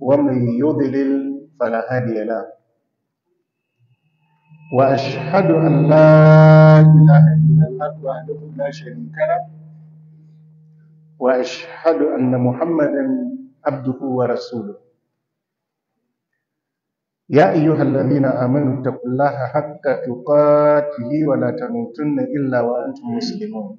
ومن يضلل فلا هادي له وأشهد أن لا إله إلا الله وحده لا شريك له وأشهد أن محمدا عبده ورسوله يا أيها الذين آمنوا اتقوا الله حق تقاته ولا تموتن إلا وأنتم مسلمون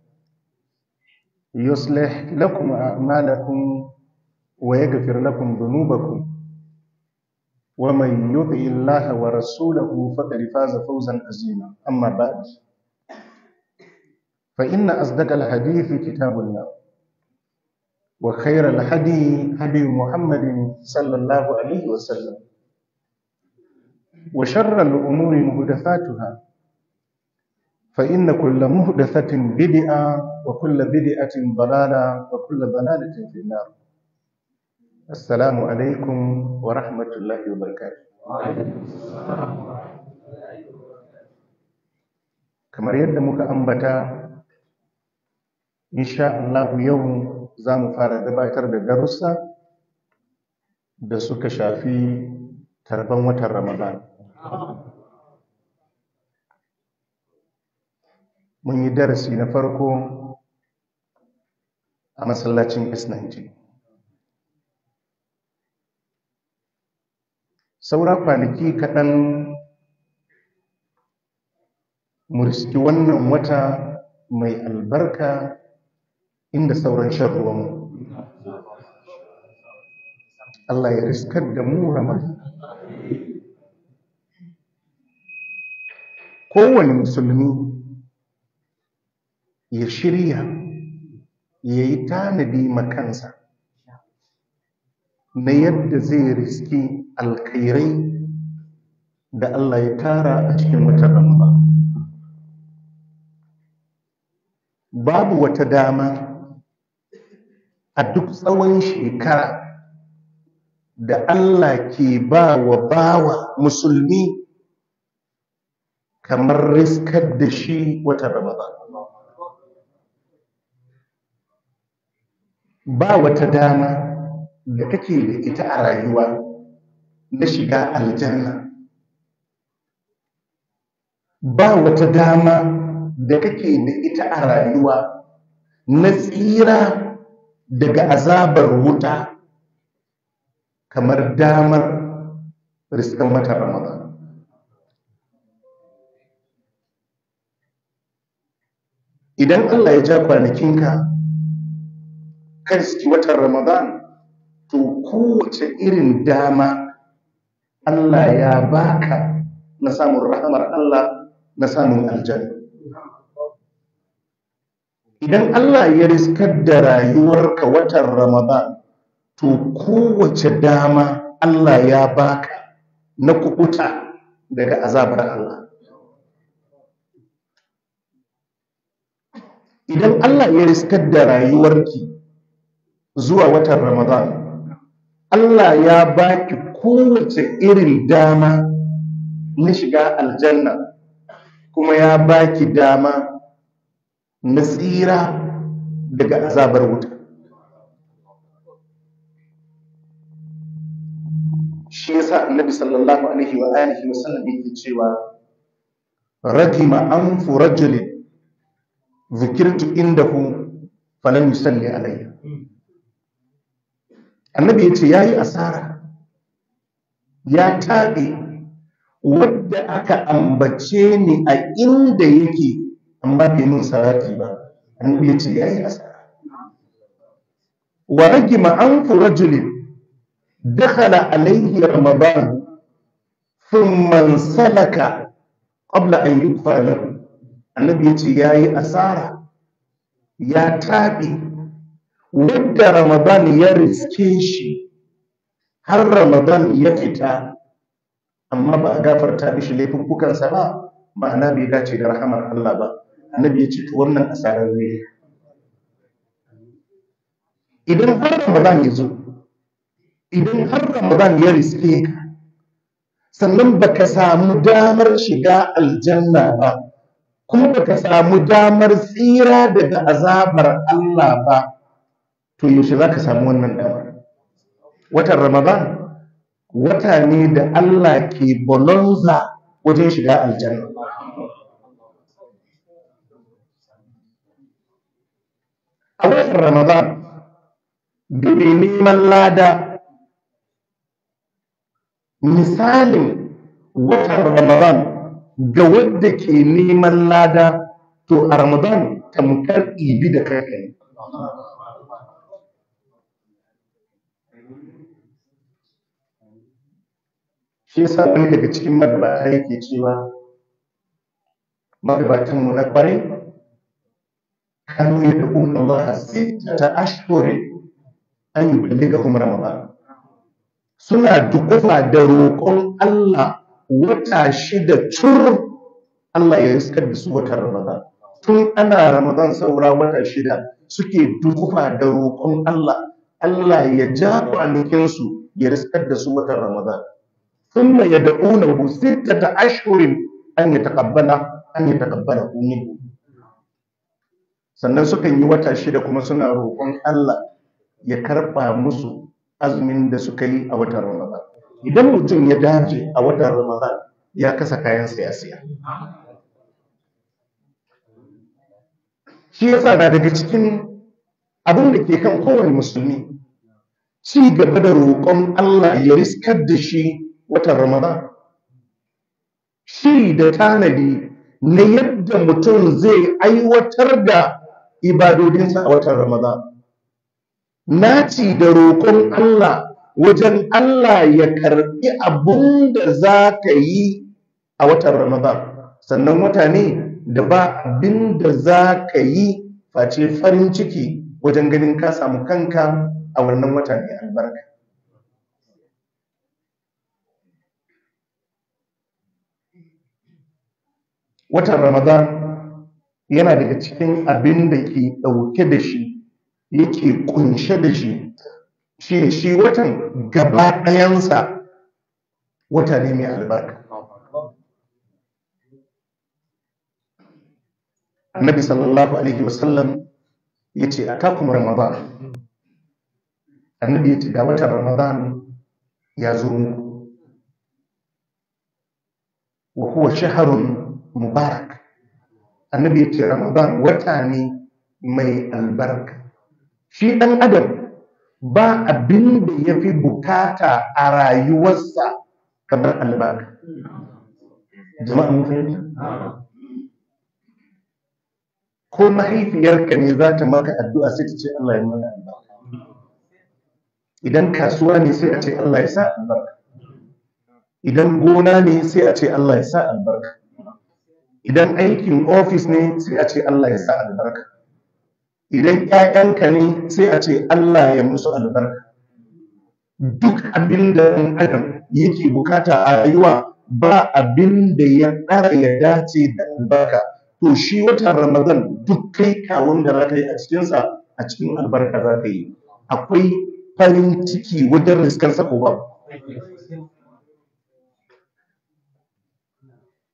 يصلح لكم أعمالكم ويغفر لكم ذنوبكم ومن يطع الله ورسوله فقد فاز فوزا عظيما أما بعد فإن أصدق الحديث كتاب الله وخير الهدي هدي محمد صلى الله عليه وسلم وشر الأمور محدثاتها فإن كل محدثة بدعة وكل بدعة ضلالة وكل ضلالة في النار السلام عليكم ورحمة الله وبركاته kamar yadda muka ambata insha yau za mu fara gabatar da darussa da suka shafi tarban watan Ramadan mun yi darasi na farko a masallacin s saura kwanaki kaɗan mu riski wannan wata mai albarka inda sauran shan ruwanmu Allah ya riskar da mu rama kowane musulmi ya shirya ya yi tanadi makansa na yadda zai riski alkhairai da Allah ya tara a cikin wata ramba babu wata dama a duk tsawon shekara da Allah ke ba wa bawa musulmi kamar riskar da shi wata ramadan ba wata dama da kake da ita a rayuwa na shiga aljanna ba wata dama da kake da ita a rayuwa na tsira daga azabar wuta kamar damar riskan mata ramadan idan allah ya ja kwanakinka kan shi watan Ramadan to kowace irin dama Allah ya baka na samun rahamar Allah na samun aljanna idan Allah ya riskar da rayuwarka watan Ramadan to kowace dama Allah ya baka na kubuta daga azabar Allah idan Allah ya riskar da rayuwarki zuwa watan Ramadan Allah ya baki kowace irin dama na shiga aljanna kuma ya baki dama na tsira daga azabar wuta shi yasa annabi sallallahu alaihi wa alihi wa sallam yake cewa radima anfu rajulin zikirtu indahu falan yusalli alayya annabi ya ce ya yi asara ya taɗe wadda aka ambace ni a inda yake amma bai min sarati ba annabi ya ce ya yi asara wa rage ma'amfu rajulin dakhala alaihi ramadan thumma salaka qabla an yi lahu annabi ya ce ya yi asara ya taɓe duk da ramadan ya riske shi har ramadan ya fita amma ba a gafarta mishi laifuffukansa ba ma'ana bai dace da rahamar Allah ba annabi ya ce to wannan asarar ne idan har ramadan ya zo idan har ramadan ya riske ka sannan baka samu damar shiga aljanna ba kuma baka samu damar tsira daga azabar Allah ba to yaushe za ka samu wannan damar watan ramadan wata ne da allah ke bonanza wajen shiga aljanna a watan ramadan da neman lada misalin watan ramadan ga wadda ke neman lada to a ramadan tamkar ibi da kanka shi yasa wani daga cikin magabata yake cewa magabatan mu na kwarai kanu ya da umar Allah ta ashkore an yi bulli daga umar Ramadan suna dukufa da roƙon Allah wata shida cur Allah ya riskar da su watan Ramadan tun ana Ramadan saura wata shida suke dukufa da roƙon Allah Allah ya ja kwanakinsu ya riskar da su watan Ramadan thumma yad'unahu sittata ashhurin ta ashirin an yataqabbala minhu sannan sukan yi wata shida kuma suna roƙon Allah ya karɓa musu azumin da suka yi a watan Ramadan idan mutum ya daje a watan Ramadan ya kasa kayan siyasiya shi yasa na daga cikin abin da ke kan kowane musulmi ci gaba da roƙon Allah ya riskar da shi watan Ramadan. Shiri da tanadi na yadda mutum zai aiwatar da ibadodinsa a watan Ramadan. Naci da roƙon Allah wajen Allah ya karɓi abin da za ka yi a watan Ramadan. Sannan wata ne da ba abin da za ka yi face farin ciki wajen ganin ka samu kanka a wannan watan mai albarka. watan ramadan yana daga cikin abin da ke ɗauke da shi yake kunshe da shi shi shi watan gaba ɗayansa wata ne mai albarka annabi sallallahu alaihi wasallam ya ce a takun ramadan annabi ya ce ga watan ramadan ya zo muku wa huwa shaharun mubarak annabi ya ce ramadan wata ne mai albarka shi ɗan adam ba abin da ya fi bukata a rayuwarsa kamar albarka jama'a mun fahimta ko mahaifiyarka ne za ta maka addu'a sai ta ce Allah ya mana albarka idan kasuwa ne sai a ce Allah ya sa albarka idan gona ne sai a ce Allah ya sa albarka idan aikin ofis ne sai a ce Allah ya sa albarka idan ƴaƴanka ne sai a ce Allah ya musu albarka duk abin da ɗan adam yake bukata a rayuwa ba abin da ya ɗara ya dace da albarka to shi watan ramadan duk kai kawun da za ka yi a cikinsa a cikin albarka za ka yi akwai farin ciki wajen riskar sako ba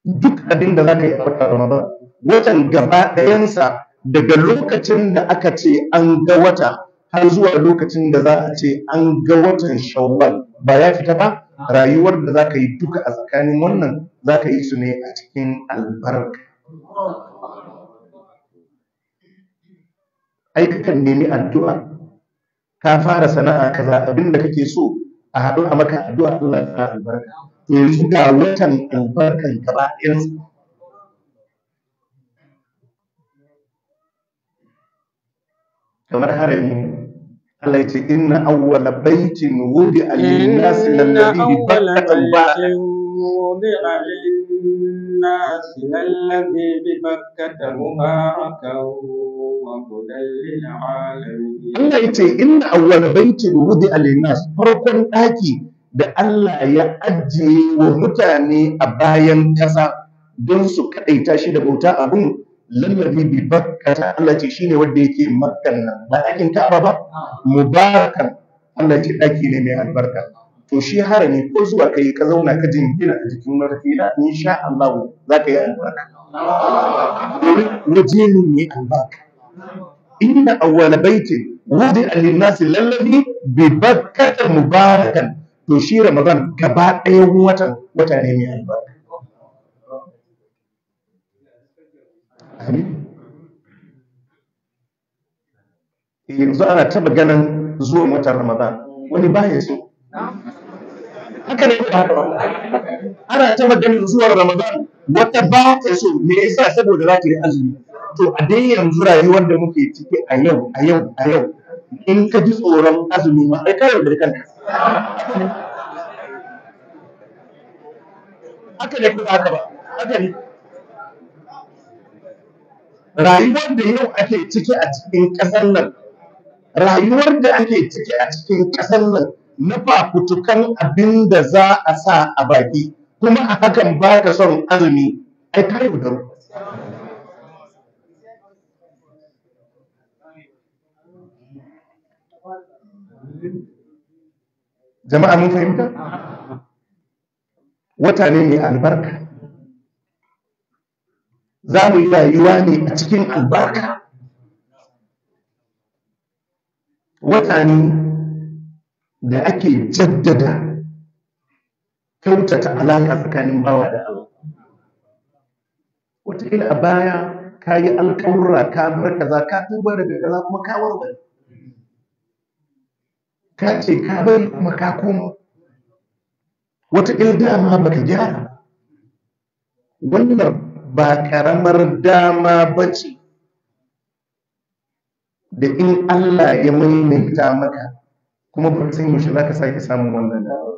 duk abin da za ka yi a wata ramadan watan gaba ɗayansa daga lokacin da aka ce an ga wata har zuwa lokacin da za a ce an ga watan shawwal ba ya fita ba rayuwar da za ka yi duka a tsakanin wannan za ka yi su ne a cikin albarka ai nemi addu'a ka fara sana'a kaza abin da kake so a haɗu a maka addu'a Allah ya albarka yanzu ga watan albarkan gaba ɗayansa kamar Allah ya ce inna awwala baitin wudi'a lin lalladhi bi Bakkata mubaraka wa lil-alamin Allah ya ce inna awwala baitin wudi'a lin farkon daki da Allah ya ajiye wa mutane a bayan ƙasa don su kaɗaita shi da bauta abin lallabi bi bakkata Allah ce shine wanda yake makkan nan ba ɗakin Ka'aba ba mubarakan Allah ce ɗaki ne mai albarka to shi ne ko zuwa kai ka zauna ka gina a jikin marfila insha Allah za ka yi albarka domin wajenin ne albarka inna awwala baitin wudi lin lallabi bi bakkata mubarakan to shi ramadan gaba ɗayan watan wata ne mai albarka yanzu ana taba ganin zuwa watan ramadan wani ya so haka ne ba ana taba ganin zuwa ramadan wata ba ta so me yasa saboda za ta yi azumi to a dai yanzu rayuwar da muke ciki a yau a yau a yau in ka ji tsoron azumi ma ai ka da kanka haka ne kuma haka ba haka ne rayuwar da yau ake ciki a cikin ƙasar nan rayuwar da ake ciki a cikin ƙasar nan na fafutukan abin da za a sa a baki kuma a hakan ba ka son azumi ai ka yaudaru jama'a mun fahimta wata ne mai albarka za mu yi rayuwa ne a cikin albarka wata ne da ake jaddada kyautata alaƙa tsakanin bawa da Allah wataƙila a baya ka yi alƙawura ka bar kaza ka tuba daga kaza kuma ka warware ka ce ka bari kuma ka koma Wata wataƙil dama ka gyara wannan ba ƙaramar dama ba ce da in Allah ya maimaita maka kuma ba san yaushe za ka sake samun wannan dama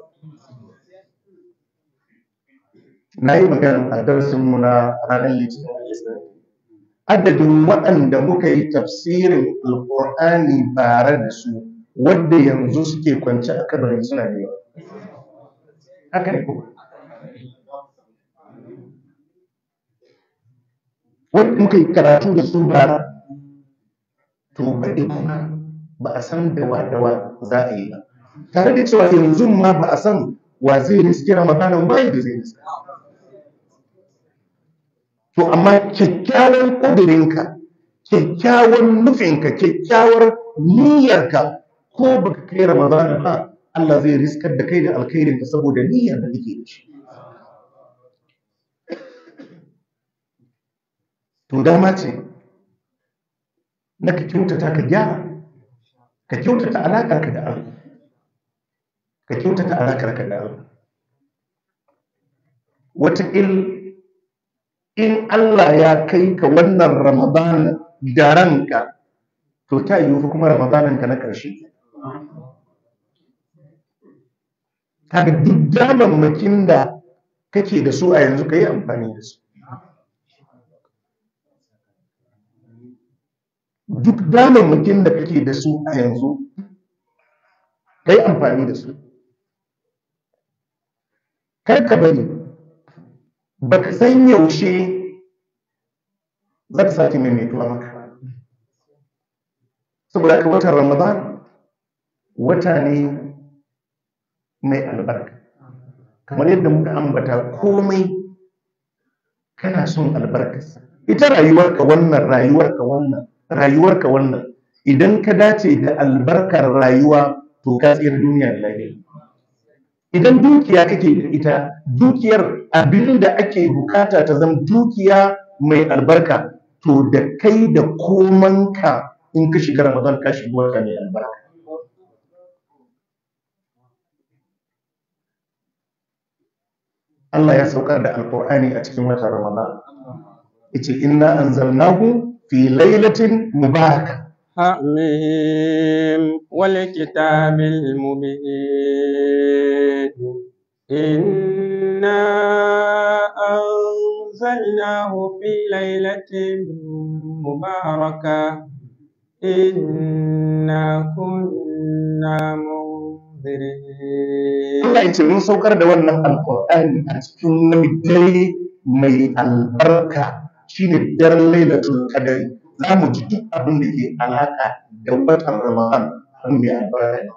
na yi magana a darsinmu na ranar litinin adadin waɗanda muka yi tafsirin alƙur'ani bare da su wadda yanzu suke kwanci a kabarin suna da yawa haka ne kuma wadda muka yi karatu da su ba to baɗi kuma ba a san da wadawa za a yi ba tare da cewa yanzu ma ba a san wa zai kira ramadanan ba yadda zai riska to amma kyakkyawan kudurinka kyakkyawan nufinka kyakkyawar niyyarka ko baka kai Ramadan ba Allah zai riskar da kai da alkhairin ka saboda niyyar da kake da shi to dama ce na ka kyautata ka gyara ka kyautata alaƙar ka da Allah ka kyautata alaƙar ka da Allah wata il in Allah ya kai ka wannan Ramadan da ranka to ta yiwu kuma Ramadan ka na ƙarshe kaga duk damammakin da kake da su a yanzu ka yi amfani da su duk damammakin da kake da su a yanzu ka yi amfani da su karka ka bari ba ka san yaushe za ka sake maimaituwa maka saboda ka watan ramadan wata ne mai albarka kamar yadda muka ambata komai kana son albarkarsa ita rayuwarka wannan rayuwarka wannan rayuwarka wannan idan ka dace da albarkar rayuwa to ka tsira duniya da lafiya idan dukiya kake da ita dukiyar abin da ake bukata ta zama dukiya mai albarka to da kai da komanka in ka shiga ramadan ka shiga wata mai albarka Allah ya saukar da alkur'ani a cikin watan ramadan yace inna anzalnahu fi lailatin mubarak hamim wal kitabil mubin inna anzalnahu fi lailatin mubaraka inna kunna Allah ya ce mun saukar da wannan alƙur'ani a cikin namidai mai albarka shine ɗan lailatul kadari za mu ji duk abin da ke alaƙa da watan ramadan abin mai albarka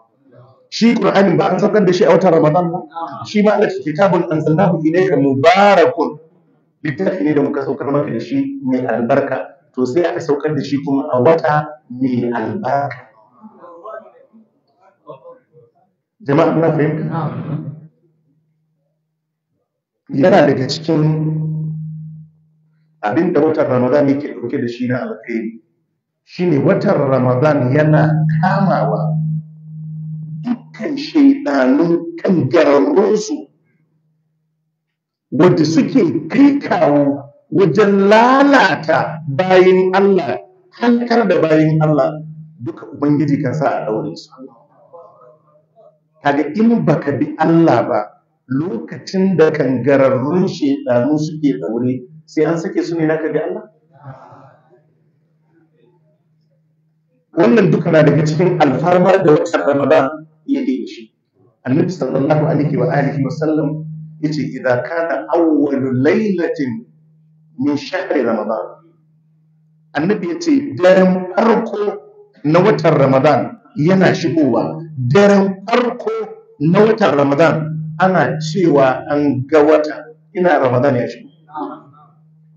shi ƙur'ani ba an saukar da shi a watan ramadan ba shi ma Allah ce kitabun anzalnahu ilayka mubarakun littafi ne da muka saukar maka da shi mai albarka to sai aka saukar da shi kuma a wata mai albarka jama'a na fahimta yana daga cikin abin da watan ramadan yake dauke da shi na alkhairi shine watan ramadan yana kamawa dukkan shaidanun kan gararrunsu wadda suke kai kawo wajen lalata bayan Allah hankar da bayan Allah duka ubangiji kansa a daure su kaga in baka bi Allah ba lokacin da kangararrun shedanu suke daure sai an sake su ne naka bi Allah wannan duka na daga cikin alfarmar da wata Ramadan ya yi shi Annabi sallallahu alaihi wa alihi wa sallam yace idza kana awwalu Laylatin min shahri Ramadan Annabi yace daren farko na watan Ramadan yana shigowa daren farko na watan ramadan ana cewa an ga wata ina ramadan ya shigo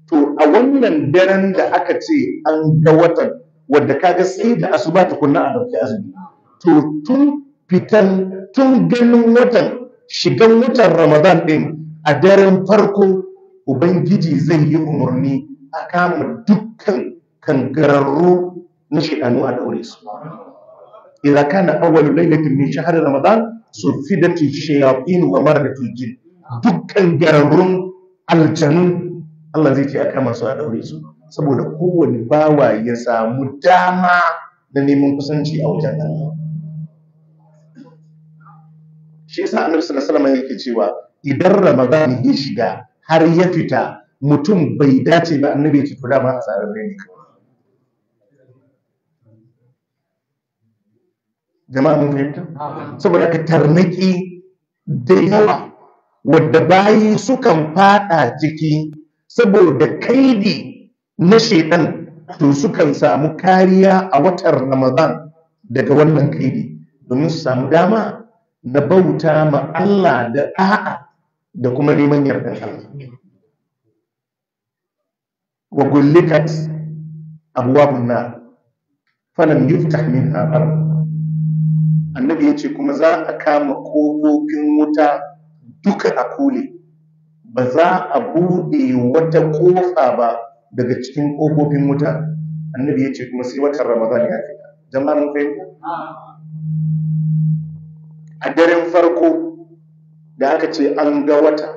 to a wannan daren da aka ce an ga watan wadda kaga sai da asuba kunna a dauki azumi to tun fitan tun ganin watan shigan watan ramadan din a daren farko ubangiji zai yi umarni a kama dukkan kangararru na shidanu a daure su إذا كان أول ليلة من شهر رمضان صفدت الشياطين ومردة الجن dukkan gararrun aljanu Allah zai ce a kama su a daure su saboda kowane bawa ya samu dama da neman kusanci a wajen Allah shi yasa Annabi sallallahu alaihi wasallam yake cewa idan Ramadan ya shiga har ya fita mutum bai dace ba Annabi ya ce to dama a sarare ne jama'a mun fahimta saboda ka tarnaki da yawa wadda bayi sukan fada ciki saboda kaidi na shedan to sukan samu kariya a watan ramadan daga wannan kaidi domin su samu dama na bauta ma Allah da a'a da kuma neman yardan Allah wa gullikat abwabun nar falam yuftah minha annabi ya ce kuma za a kama kofofin wuta duka a kule ba za a buɗe wata ƙofa ba daga cikin kofofin wuta annabi ya ce kuma sai watan ramadan ya fita jama'a mun fahimta a daren farko da aka ce an ga wata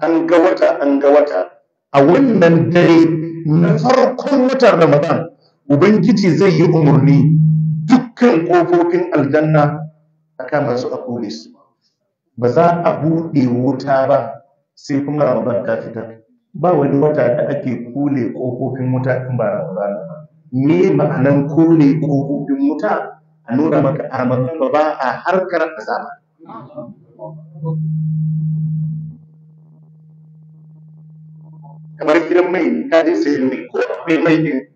an ga wata an ga wata a wannan dare na farkon watan ramadan ubangiji zai yi umarni kan ƙofofin aljanna a kama su a su ba za a buɗe wuta ba sai kuma ramadan ta fita ba wani wata da ake kule ƙofofin wuta in ba ramadan ba me ma'anan kule ƙofofin wuta a nuna maka a ramadan ba ba a harkar azaba kamar gidan mai ka je sai mai ko mai mai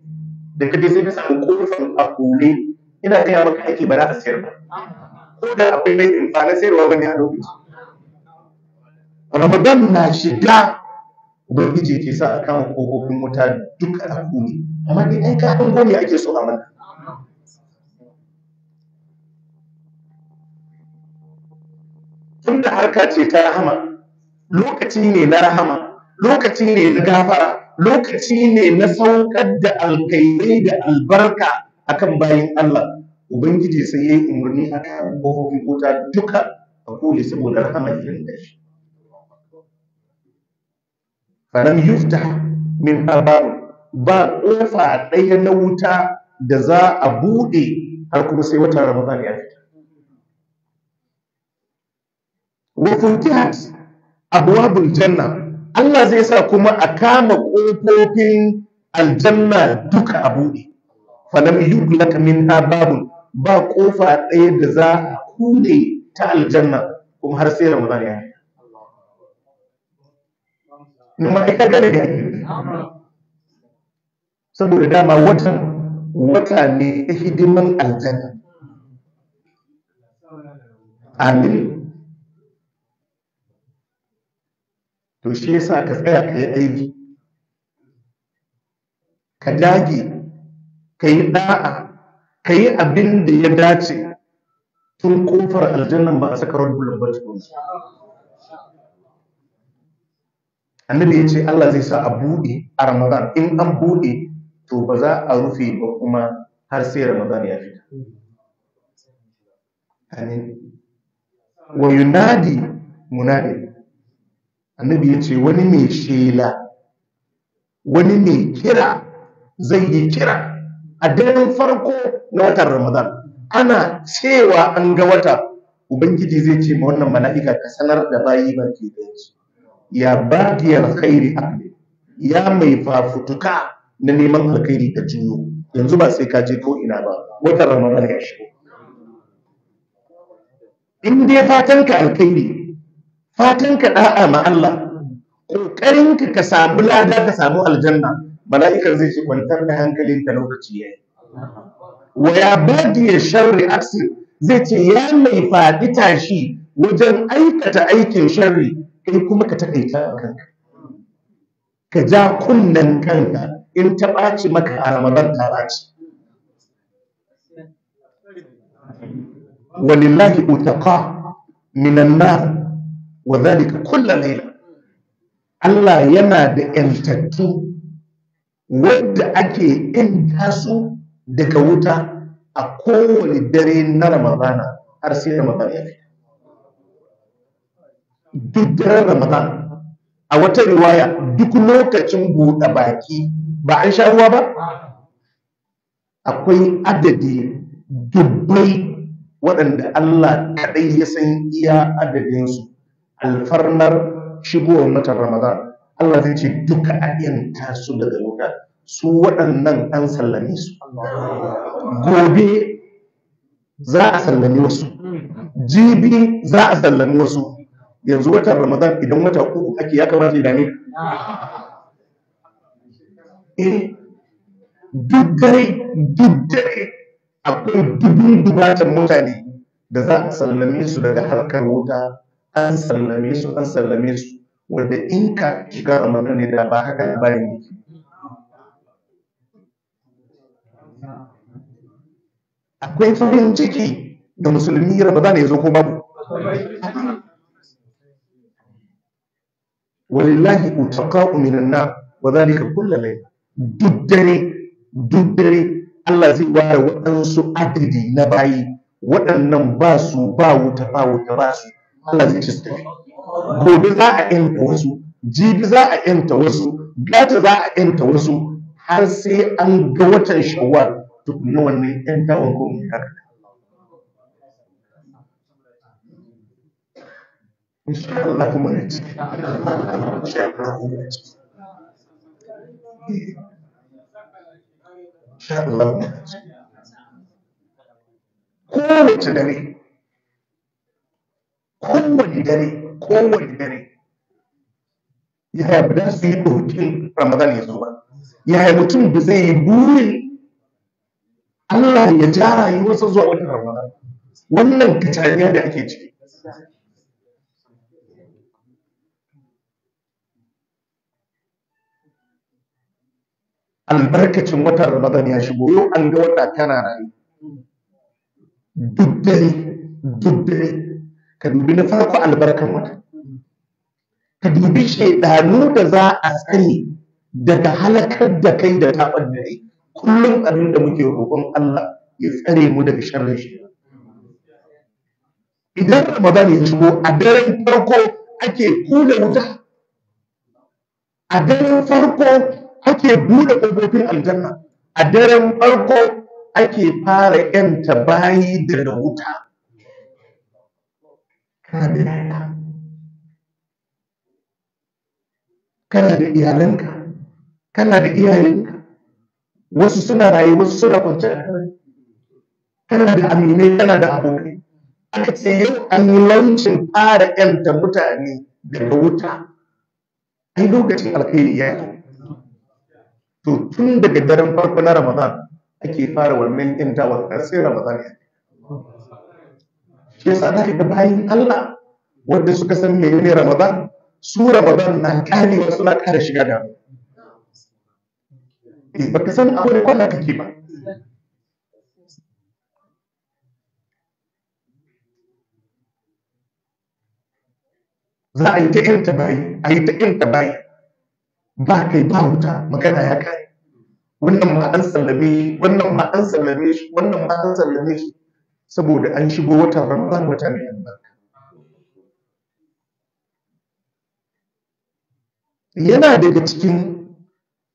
da kaje sai ka samu kofar a ina gaya maka aiki ba za a sayar ba ko da akwai laifin ba na sayarwa ba ne a lokaci ramadan na shiga ubangiji ke sa a kama kogogin wuta duk a kuni amma dai ai ka an gome ake so a mana tun da harka ce ta rahama lokaci ne na rahama lokaci ne na gafara lokaci ne na saukar da alkairai da albarka akan bayin Allah ubangiji sai yayi umurni a kan kofofin wuta duka a kule saboda rahama irin da shi faram yufta min habar ba kofa ɗaya na wuta da za a buɗe har kuma sai watan ramadan ya fita wa futihat abwabul janna Allah zai sa kuma a kama ƙofofin aljanna duka a buɗe falam yuglaq minha babun ba kofa ɗaya da za a kude ta aljanna kuma har sai ramadan ya ne ma ka gane ne saboda dama watan wata ne ta hidiman aljanna amin to shi yasa ka tsaya ka yi aiki ka dage ka yi da'a ka yi abin da ya dace tun kofar aljannan ba a saka rabbul ba annabi ya ce Allah zai sa a buɗe a ramadan in an buɗe to ba za a rufe ba kuma har sai ramadan ya fita amin wa yunadi munadi annabi ya ce wani mai shela wani mai kira zai yi kira a daren farko na watan Ramadan ana cewa an ga wata ubangiji zai ce ma wannan mala'ika ka sanar da bayi ba ke da su ya bagiyar khairi akli ya mai fafutuka na neman alkhairi ka jiyo yanzu ba sai ka je ko ina ba watan Ramadan ya shigo in dai fatan ka alkhairi fatan ka da'a ma Allah ƙoƙarinka ka samu lada ka samu aljanna mala'ikar zai ce kwantar da hankalin ka lokaci yayi wa ya badi sharri aksi zai ce ya mai faɗi tashi wajen aikata aikin sharri kai kuma ka a kanka ka ja kunnen kanka in ta ɓaci maka a ramadan ta ɓaci walillahi utaqa minan nar wa zalika kullu layla Allah yana da yantattu Wanda ake ‘yanta taso daga wuta a kowane dare na Ramadana har sai Ramadan ya kai. Duk daren Ramadan a wata riwaya duk lokacin buɗe baki ba an sha ruwa ba? Akwai adadi dubbai waɗanda Allah kaɗai ya san iya adadinsu alfarnar shigowar watan Ramadan. Allah zai ce duka a yanta su daga wuta su waɗannan an sallame su gobe za a sallame wasu jibi za a sallame wasu yanzu watan ramadan idan wata uku ake ya kamata idane ne eh, duk dare duk dare akwai dubin dubatan mutane da za a sallame su daga harkar wuta an sallame su an sallame su wanda in ka shiga ramadan ne da ba haka bayan yake akwai farin ciki da musulmi za ya zo ko babu walillahi utaqa'u minan nar wa dhalika kullu layl duk dare duk dare Allah zai ware waɗansu adadi na bayi waɗannan ba su ba wuta ba wuta ba su Allah zai ci su tafi gobe za a yanta wasu jibi za a yanta wasu gata za a yanta wasu har sai an ga watan shawar tukunna wannan yantawan ko mai haka Inshallah kuma na ci insha Allah kuma na ci kowace dare kowane dare kowane dare yaya ba za su yi dokin ramadan ya zo ba yaya mutum ba zai yi burin Allah ya ja rayuwarsa zuwa wata ramadan wannan kacariya da ake ciki albarkacin watan ramadan ya shigo yau an ga wata tana rayu duk dare duk dare ka dubi na farko albarkar wata ka dubi shaidanu da za a tsare daga halakar da kai da ta da kai kullum abin da muke roƙon Allah ya tsare mu daga sharrin shi idan ramadan ya shigo a daren farko ake kula wuta a daren farko ake buɗe ƙofofin aljanna a daren farko ake fara yanta bayi daga wuta kana kana da iyalanka kana da iyayenka wasu suna rayuwa, wasu suna kwance kana da aminai kana da abokai aka ce yau an yi launcin ƙara yanta mutane daga wuta ai lokacin alkhairi ya yi to tun daga daren farko na ramadan ake fara wannan wa sai ramadan ya shi yasa za ga bayan Allah wanda suka san menene Ramadan su Ramadan na kani wasu na kare shiga da eh, baka san akwai da kwana kake ba za a yi ta yin tabayi a yi ta yin tabayi ba kai ba wuta magana ya kare wannan ma an sallame wannan ma an sallame shi wannan ma an sallame shi saboda an shigo wata ramadan wata mai barka. yana daga cikin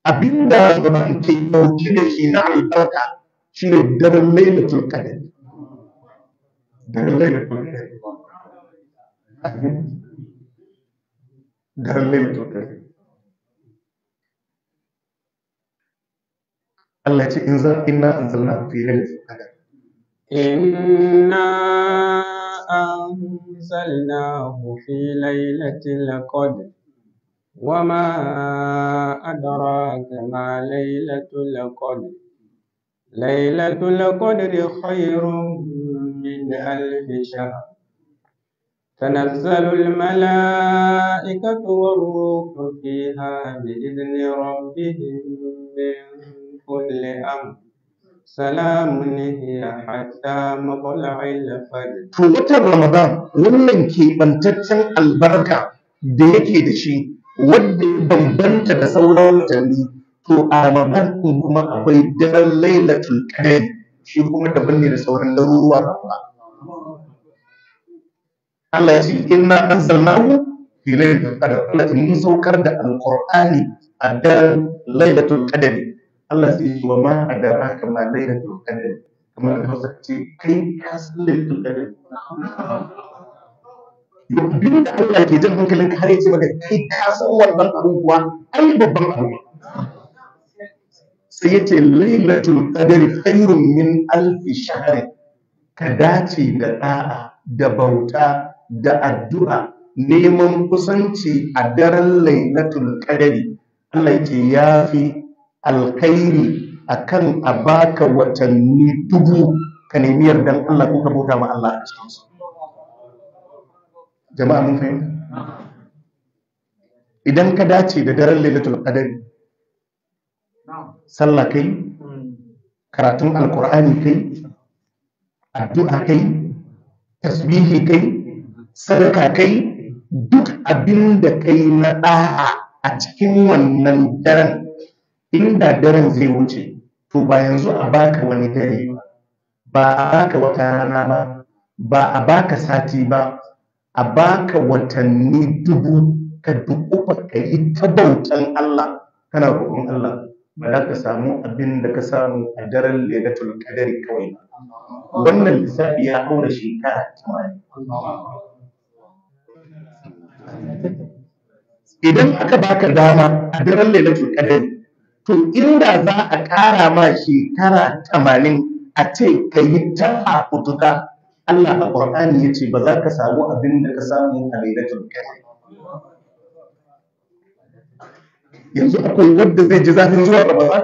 abinda zaman ke dauki da shi na albarka shi ne daren lailatul qadr daren lailatul qadr daren Allah ya ce in za inna anzalna fi lailatul qadr إنا أنزلناه في ليلة القدر وما أدراك ما ليلة القدر ليلة القدر خير من ألف شهر تنزل الملائكة والروح فيها بإذن ربهم من كل أمر salamun hiya hatta matla'il fajr to watan ramadan wannan keɓantaccen albarka da yake da shi wanda ya bambanta da sauran watanni to a ramadan din kuma akwai daren lailatul qadr shi kuma daban ne da sauran daruruwa Allah ya ce inna anzalnahu fi lailatul qadr Allah mun saukar da alqur'ani a daren lailatul qadr Allah sai yi wa ma a ma laila to qadr kamar da Hausa ce kai ka san lailatul qadr duk da Allah ke jin hankalin ka har ya ce maka kai ka san wannan abin kuwa ai babban abu sai ya ce lailatul qadr khairun min alf shahr ka dace da da'a da bauta da addu'a neman kusanci a daren lailatul qadri Allah ya ce ya fi alkhairi akan a baka watanni dubu ka nemi yardan Allah ko ka bauta ma Allah a cikin su jama'a mun fahimta idan ka dace da daren lailatul qadari sallah kai karatun alkur'ani kai addu'a kai tasbihi kai sadaka kai duk abin da kai na da'a a cikin wannan daren inda daren zai wuce to ba yanzu a baka wani dare ba a baka wata rana ba ba a baka sati ba a baka watanni dubu ka dubu ka yi ta bautan Allah kana roƙon Allah ba za ka samu abin da ka samu a daren lailatul qadari kawai ba wannan lissafi ya aure shekara 80 idan aka baka dama a daren lailatul qadari to inda za a ƙara ma shekara tamanin a ce ka yi ta a Allah a Ƙwar'ani ya ce ba za ka samu abin da ka samu a lailatul qadr yanzu akwai wadda zai ji zafin zuwa Ramadan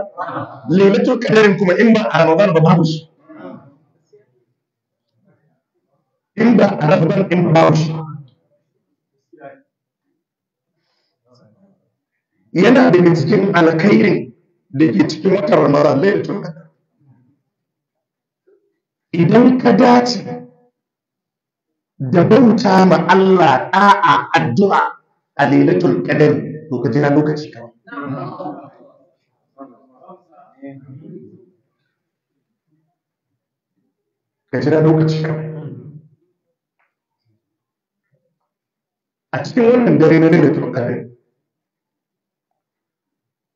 lailatul qadr kuma in ba a Ramadan ba babu shi in ba a Ramadan in ba babu shi yana da cikin alkhairin da ke cikin watan ramadan lailatul idan ka dace da bauta ma Allah da'a addu'a a lailatul ƙadar to ka jira lokaci kawai ka jira lokaci kawai a cikin wannan dare na lailatul ƙadar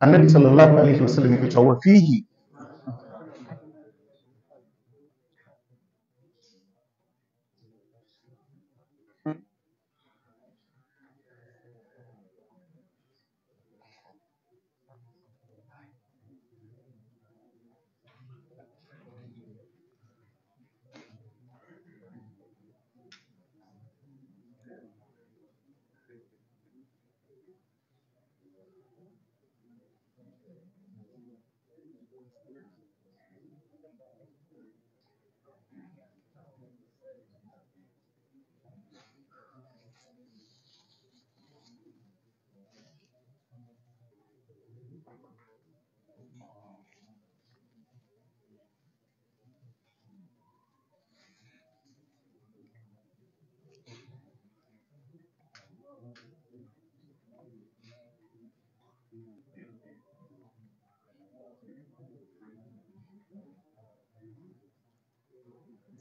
annabi sallallahu alaihi wasallam ya ce wa fihi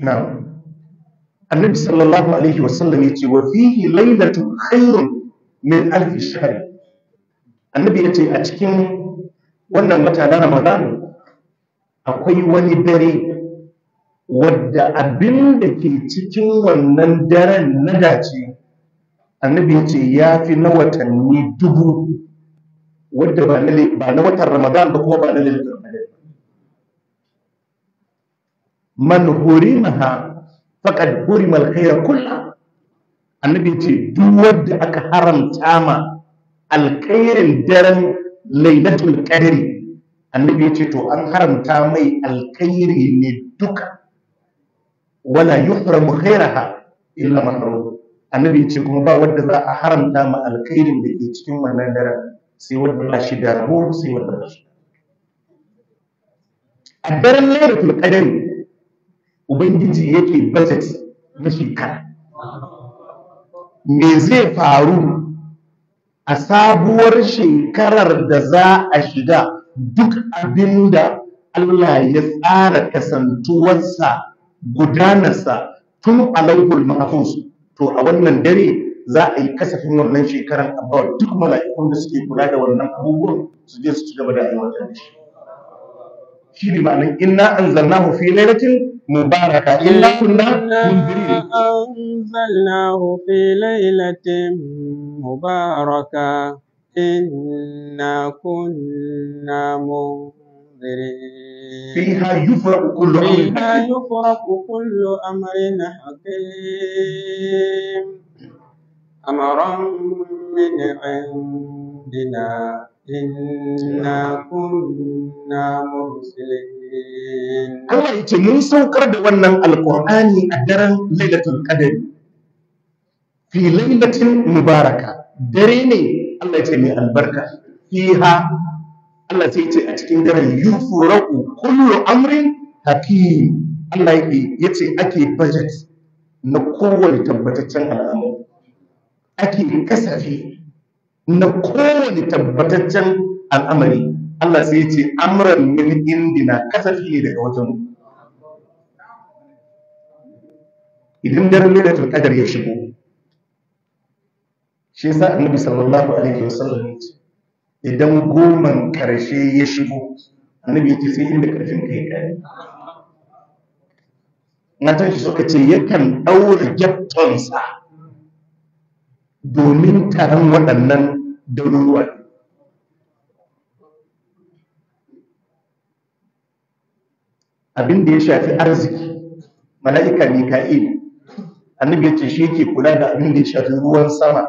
na annabi sallallahu alaihi wasallam ce, wa fihi lailatun khairun min alf shahr annabi yace a cikin wannan wata na ramadan akwai wani dare wadda abin da ke cikin wannan daren na dace annabi ya ce ya fi na watanni dubu wadda ba na watan ramadan ba kuma ba na lalitar man hurimaha faqad hurima alkhaira kullu annabi ce duk wanda aka haramta ma alkhairin daren lailatul qadri annabi ce to an haramta mai alkhairi ne duka wala yuhramu khayraha illa mahrum annabi ce kuma ba wanda za a haramta ma alkhairin da ke cikin wannan daren sai wanda ba shi da rabo sai wanda ba shi a daren lailatul qadri ubangiji yake budget na shekara me zai faru a sabuwar shekarar da za a shiga duk abin da Allah ya tsara kasantuwarsa gudanarsa tun a lauhul mahafuz to a wannan dare za a yi kasafin wannan shekarar abawar duk mala'ikun da suke kula da wannan abubuwan su je su ci gaba da aiwatar da shi shi ne ma'anin inna anzalnahu fi lailatin مباركة إنا كنا منذرين أنزلناه في ليلة مباركة إنا كنا منذرين فيها يفرق كل أمر فيها يفرق كل أمر حكيم أمرا من عندنا إنا كنا مرسلين Allah ya ce mun saukar da wannan alƙur'ani a daren lailatul qadari fi lailatin mubaraka dare ne Allah ya ce mai albarka fiha Allah sai ce a cikin daren yufuru kullu amrin hakim Allah ya ce ake budget na kowane tabbataccen al'amari ake kasafi na kowane tabbataccen al'amari Allah sai ce amran min indina kasafi ne daga wajen mu idan daren da qadar ya shigo shi yasa annabi sallallahu alaihi wasallam idan goman karshe ya shigo annabi ya ce sai inda karfin kai Na matan shi suka ce yakan daura gyaftonsa domin taron waɗannan daruruwa abin da ya shafi arziki mala'ika mika'il annabi ya ce shi yake kula da abin da ya shafi ruwan sama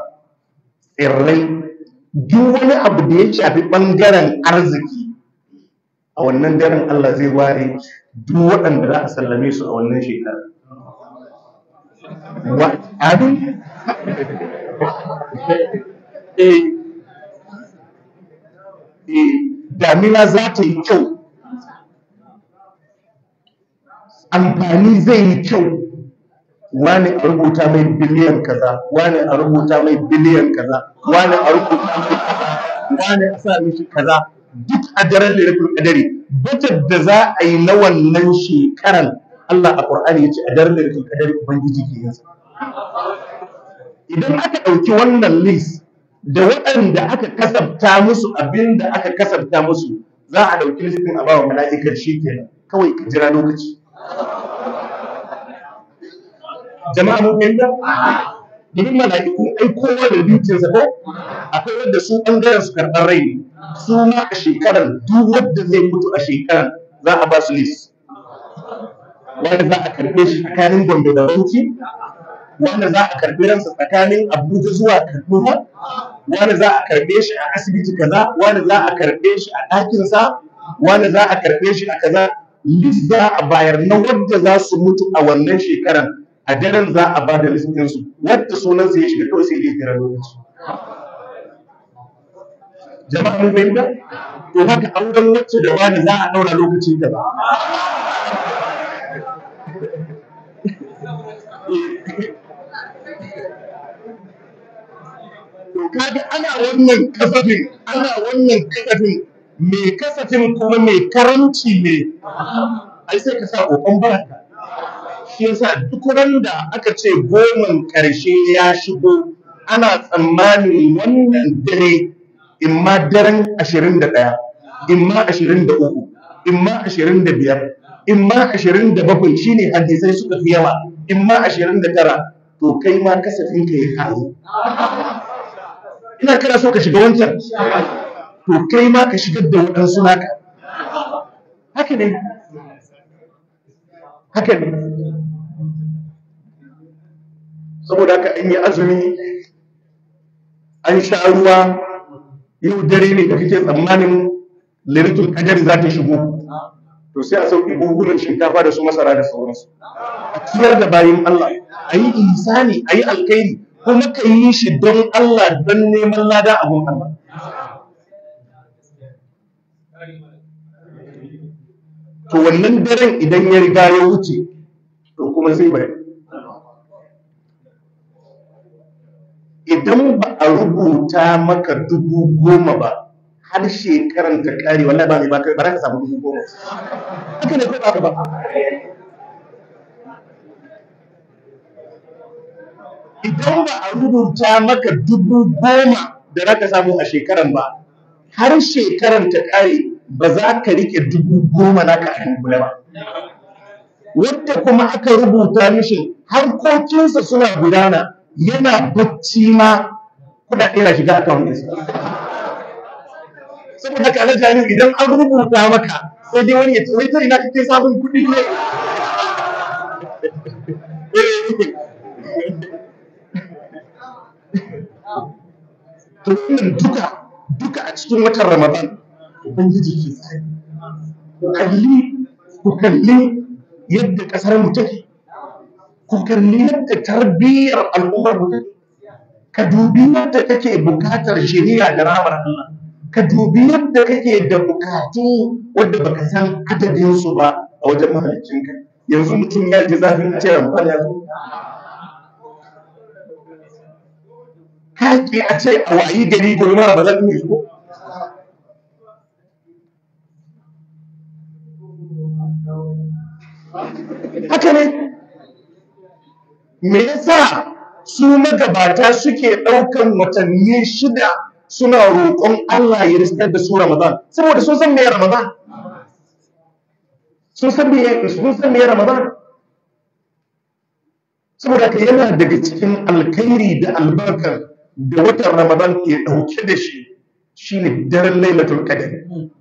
tsirrai duk wani abu da ya shafi ɓangaren arziki a wannan daren Allah zai ware duk waɗanda za a sallame su a wannan shekara abin eh, eh, damina za ta yi kyau amfani zai yi kyau wani a rubuta mai biliyan kaza wani a rubuta mai biliyan kaza wani a rubuta mai kaza wani a sa mishi kaza duk a daren da rufin kadari bitar da za a yi na wannan shekaran Allah a Qur'ani ce a daren da rufin kadari ubangiji ke yin idan aka ɗauki wannan list da waɗanda aka kasabta musu abin da aka kasabta musu za a ɗauki listin a bawa mala'ikar shi kenan kawai ka jira lokaci jama'a mun fahimta domin mala'ikun ai kowa da dutinsa ko akwai wanda su ɓangaren su karɓar rai su ma a shekarar duk wanda zai mutu a shekarar za a ba su list wanda za a karɓe shi tsakanin gombe da bauchi wanda za a karɓe ransa tsakanin abuja zuwa kaduna wanda za a karɓe shi a asibiti kaza wanda za a karɓe shi a ɗakinsa wanda za a karɓe shi a kaza list a bayar na wadda za su mutu a wannan shekaran a daren za a ba da listinsu wadda sunan su ya shiga kawai sai dai jira lokaci jama'a mun fahimta to haka an gan wacce da wani za a ɗaura lokacin da ba to kaga ana wannan kasafin ana wannan kasafin mai kasafin kuma mai karanci ne ai sai ka sa kokon baraka shi yasa duk da aka ce goman karshe ya shigo ana tsammanin wannan dare in ma daren 21 ma 23 imma 25 imma 27 ne hadisai suka fi yawa in da 29 to kai ma kasafin ka ya karu ina kira so ka shiga wancan to kai ma ka shigar da waɗansu naka haka ne haka ne saboda haka an yi azumi an sha ruwa yau dare ne da kake tsammanin liritul kajar za ta shigo to sai a sauƙi buhunan shinkafa da su masara da sauransu a ciyar da bayan Allah a yi ihsani a yi alkhairi kuma ka yi shi don Allah don neman lada abun Allah to wannan daren idan ya riga ya wuce to kuma sai bai idan ba a rubuta maka dubu goma ba har shekaran ta kare wallahi ba mai ba kai ba ka samu dubu goma haka ne ba ba idan ba a rubuta maka dubu goma da za ka samu a shekaran ba har shekaran ta kare ba za ka riƙe dubu goma na ka dubu ba wadda kuma aka rubuta mishi harkokinsa suna gudana yana bacci ma kuɗaɗe na shiga akawun ɗinsa saboda ka ala idan an rubuta maka sai dai wani ya tsawai wai ta ina kake sabon kuɗi ne to duka duka a cikin watan ramadan ubangiji ke tsari ku kalli ku kalli yadda kasar mu take ku kalli yadda tarbiyyar al'ummar mu take ka dubi yadda kake bukatar shari'a da ramar Allah ka dubi yadda kake da bukatu wadda baka san adadin su ba a wajen ka, yanzu mutum ya ji zafin cewa ba ya zo ka ce a ce a wayi gari gobe ma ba zan yi ko haka ne me yasa su magabata suke ɗaukan watanni shida suna roƙon Allah ya riskar da su Ramadan saboda sun san me Ramadan sun san me sun san me Ramadan saboda kai yana daga cikin alkhairi da albarka da watan Ramadan ke ɗauke da shi shine daren Lailatul Qadr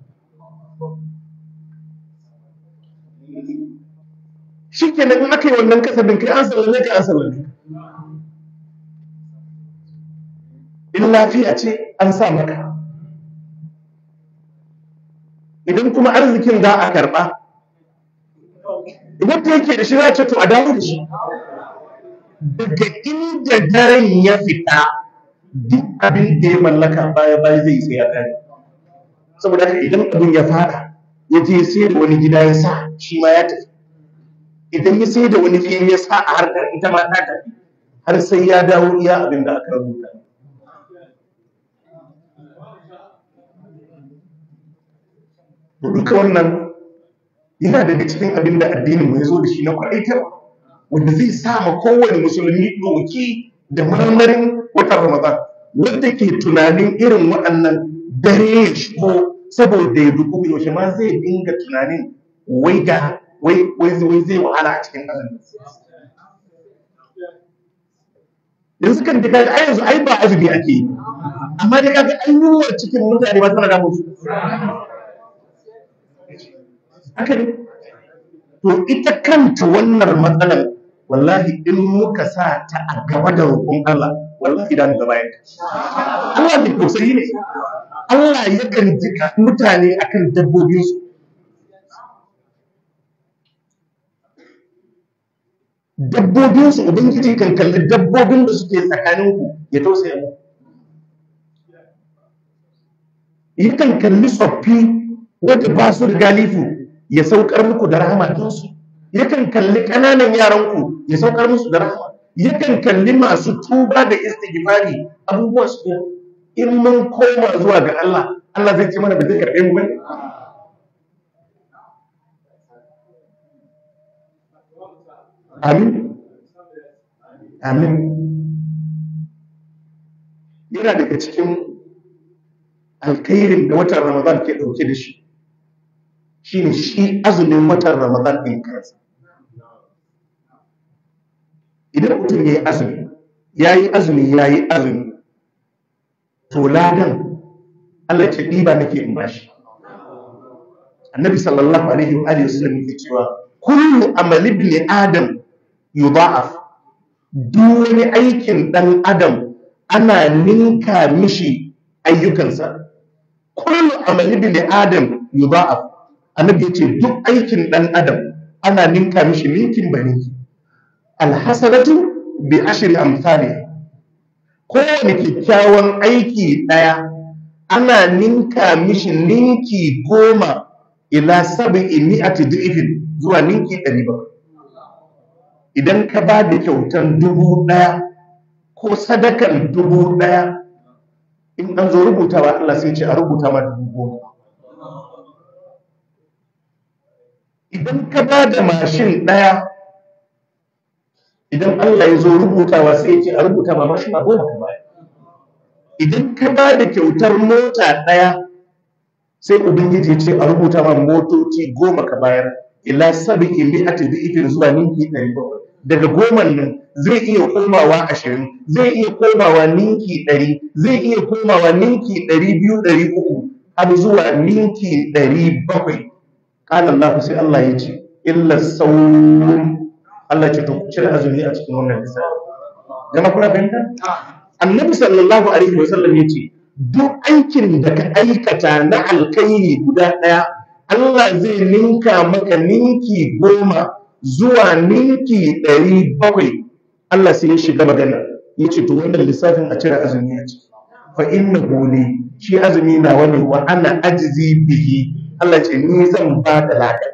shi ke nan aka yi wannan kasafin kai an sallame ka an sallame in lafiya ce an sa maka idan kuma arzikin za a karɓa ta yake da shi za a to a dawo da shi daga inda daren ya fita duk abin da ya mallaka baya baya zai sai ya kare saboda idan abin ya fara ya je sai wani gida ya sa shi ma ya tafi idan ya sai da wani fim ya sa a harkar ita ma ta tafi har sai ya dawo iya abin da aka rubuta duka wannan yana daga cikin abin da addinin mu ya zo da shi na kwaɗaitar wanda zai sa ma kowane musulmi ɗoki da marmarin watan ramadan wanda ke tunanin irin waɗannan dare ya shigo saboda ya duku yaushe ma zai dinga tunanin wai ga wai zai wahala a cikin azumin yanzu kan dika ai yanzu ai ba azumi ake yi amma dai kaga an yi wa cikin mutane ba tana damu su haka ne to ita kanta wannan matsalar wallahi in muka sa ta a gaba da roƙon Allah wallahi da gaba ya Allah ne tausayi ne Allah yakan jika mutane akan dabbobin su. dabbobinsu ubangiji kan kalli dabbobin da suke ku ya tausaya mu yakan kalli tsoffi wanda ba su da galifu ya saukar muku da rahama Ya yakan kalli ƙananan yaranku ya saukar musu da rahama yakan kalli masu tuba da istighfari abubuwa su in mun koma zuwa ga Allah Allah zai ci mana ba zai karɓe mu bane amin amin yana daga cikin alkairin da watan ramadan ke dauke da shi shi ne shi azumin watan ramadan ɗin kansa idan mutum ya yi azumi ya yi azumi ya yi azumi to ladan Allah ce ɗiba nake in bashi annabi sallallahu alaihi wa alihi wasallam yake cewa kullu amali ibn adam yudha'af duk aikin ɗan adam ana ninka mishi ayyukansa kullu amali bil adam yudha'af annabi yace duk aikin ɗan adam ana ninka mishi ninkin baninki alhasanatu bi ashri amsalih kowane kyakkyawan aiki ɗaya ana ninka mishi ninki goma ila sabi'i mi'ati du'ifin zuwa ninki ɗari bakwai idan ka ba da kyautar dubu ɗaya ko sadakan dubu ɗaya in an zo ba Allah sai ce a rubuta ma dubu goma idan ka ba da mashin ɗaya idan Allah ya zo rubutawa sai ce a rubuta ma mashin goma ka idan ka ba da kyautar mota ɗaya sai ubangiji ce a rubuta ma motoci goma ka bayar ila sabi'i mi'ati bi'ifin zuwa ninki ɗari bakwai daga goma nan zai iya komawa ashirin zai iya komawa ninki ɗari zai iya komawa ninki ɗari biyu ɗari uku har zuwa ninki ɗari bakwai ƙalan lafi sai Allah ya ce illa saurin Allah ce to cire azumi a cikin wannan lissa Gama kuna fahimta annabi sallallahu alaihi wa sallam ya ce duk aikin da ka aikata na alkhairi guda ɗaya Allah zai ninka maka ninki goma zuwa ninki ɗari bakwai Allah sai ya shiga magana ya ce to wannan lissafin a cire azumi ya ce fa inna ne shi azumi na wani wa ana ajizi bihi Allah ce ni zan ba da lada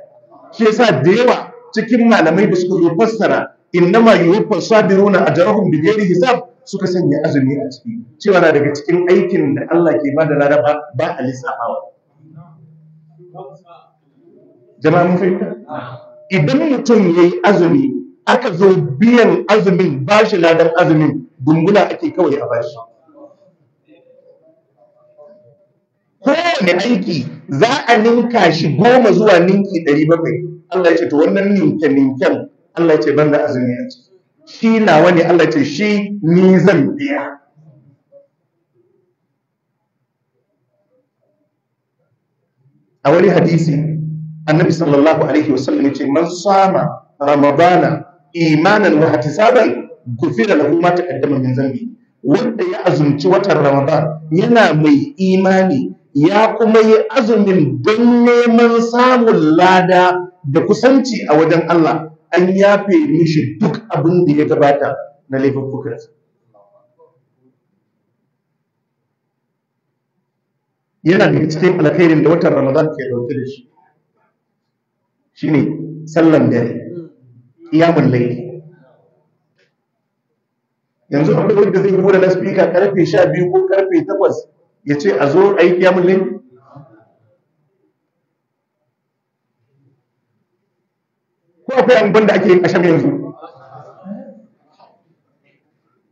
shi yasa da yawa cikin malamai da suka zo fassara innama yuwaffa sabiruna ajrahum bi ghairi hisab suka sanya azumi a ciki cewa na daga cikin aikin da Allah ke ba da lada ba a lissafawa mun fahimta idan mutum ya yi azumi aka zo biyan azumin ba shi ladar azumin dungula ake kawai a bashi kowane aiki za a ninka shi goma zuwa ninki ɗari bakwai Allah ya ce to wannan ninke ninken Allah ya ce ban da azumi a ciki shi nawa ne Allah ya ce shi ni zan biya a wani hadisi annabi sallallahu alaihi wasallam ya ce man sama ramadana imanan wa hatisaban kufira lahu ma taqaddama min zambi wanda ya azumci watan ramadan yana mai imani ya kuma yi azumin don neman samun lada da kusanci a wajen Allah an yafe mishi duk abin da ya gabata na laifin fukarsa yana da cikin alkhairin da watan ramadan ke dauke da shi shine sallan dare iyamun laili yanzu akwai wanda zai bude na spika karfe 12 ko karfe 8 ya ce a zo a yi iyamun laili ko akwai angon da ake yin kashe yanzu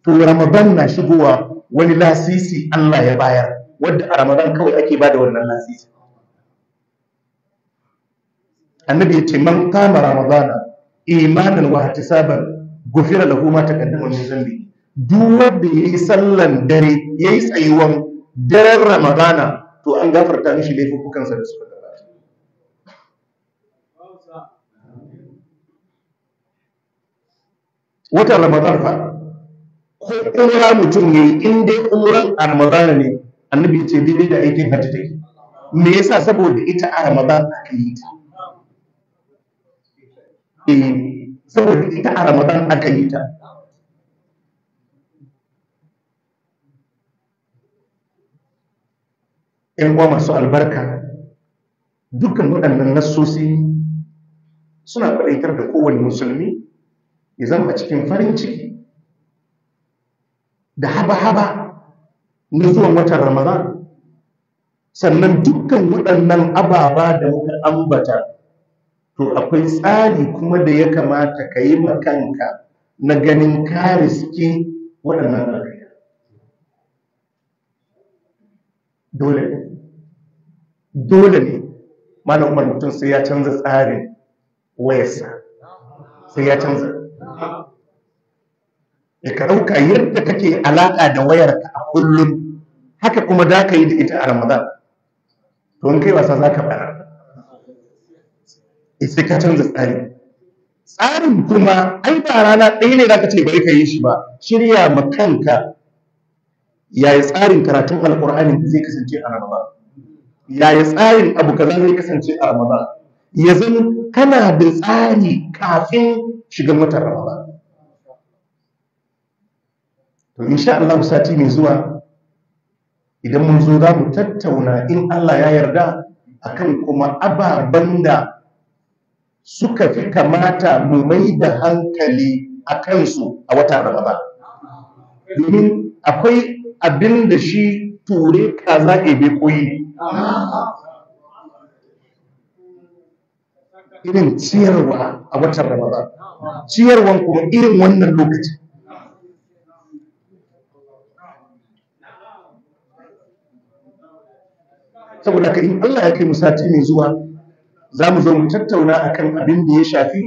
to ramadan na shigowa wani lasisi Allah ya bayar wadda a ramadan kawai ake ba da wannan lasisi annabi ya ce man kama ramadana imanin wa ihtisaban gufira da ma taqaddama min zambi duk wanda yayi sallan dare yayi tsayuwan daren ramadana to an gafarta mishi laifukansa da suka gabata Wata ramadan fa ko umra mutum ne in dai umran ramadana ne annabi ce daidai da aikin hajji ta me yasa saboda ita a ramadan aka yi ta eh saboda ita a ramadan aka yi ta ‘yan uwa masu albarka dukkan waɗannan nassosi suna faɗaitar da kowane musulmi ya zama cikin farin ciki da haba-haba na zuwan watan ramadan sannan dukkan waɗannan ababa da muka ambata to akwai tsari kuma da ya kamata ka yi makanka na ganin ka riske waɗannan alkhairai dole ne dole ne malam umar mutum sai ya canza tsarin wayarsa sai ya canza ya ka ɗauka yadda kake alaƙa da wayarka kullum haka kuma za ka yi da ita a ramadan to in kai wasa za ka fara eh, sai ka canza tsari tsarin kuma ai ba rana ɗaya ne za ka ce bari ka yi shi ba shirya ma kanka yaya tsarin karatun alƙur'ani zai kasance a ramadan yaya tsarin abu kaza zai kasance a ramadan ya zama kana da tsari kafin shigar watan ramadan to insha Allah sati mai zuwa idan mun zo za mu tattauna in Allah ya yarda akan kuma ababen da suka fi kamata mu mai da hankali a kansu a wata Ramadan domin akwai abin da shi ture kaza ebe koyi irin ciyarwa a watan Ramadan ciyarwan kuma irin wannan lokacin. saboda ka in Allah ya kai mu sati mai zuwa za mu zo mu tattauna akan abin da ya shafi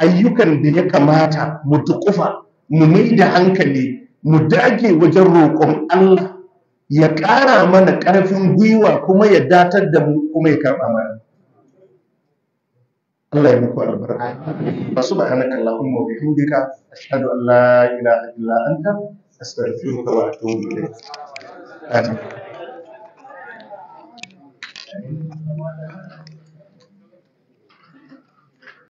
ayyukan da ya kamata mu tukufa mu mai da hankali mu dage wajen roƙon Allah ya ƙara mana ƙarfin gwiwa kuma ya datar da mu kuma ya karɓa mana Allah ya muku albarka. Wa subhanaka Allahumma wa bihamdika ashhadu an la ilaha illa anta astaghfiruka wa atubu ilayk. Amin.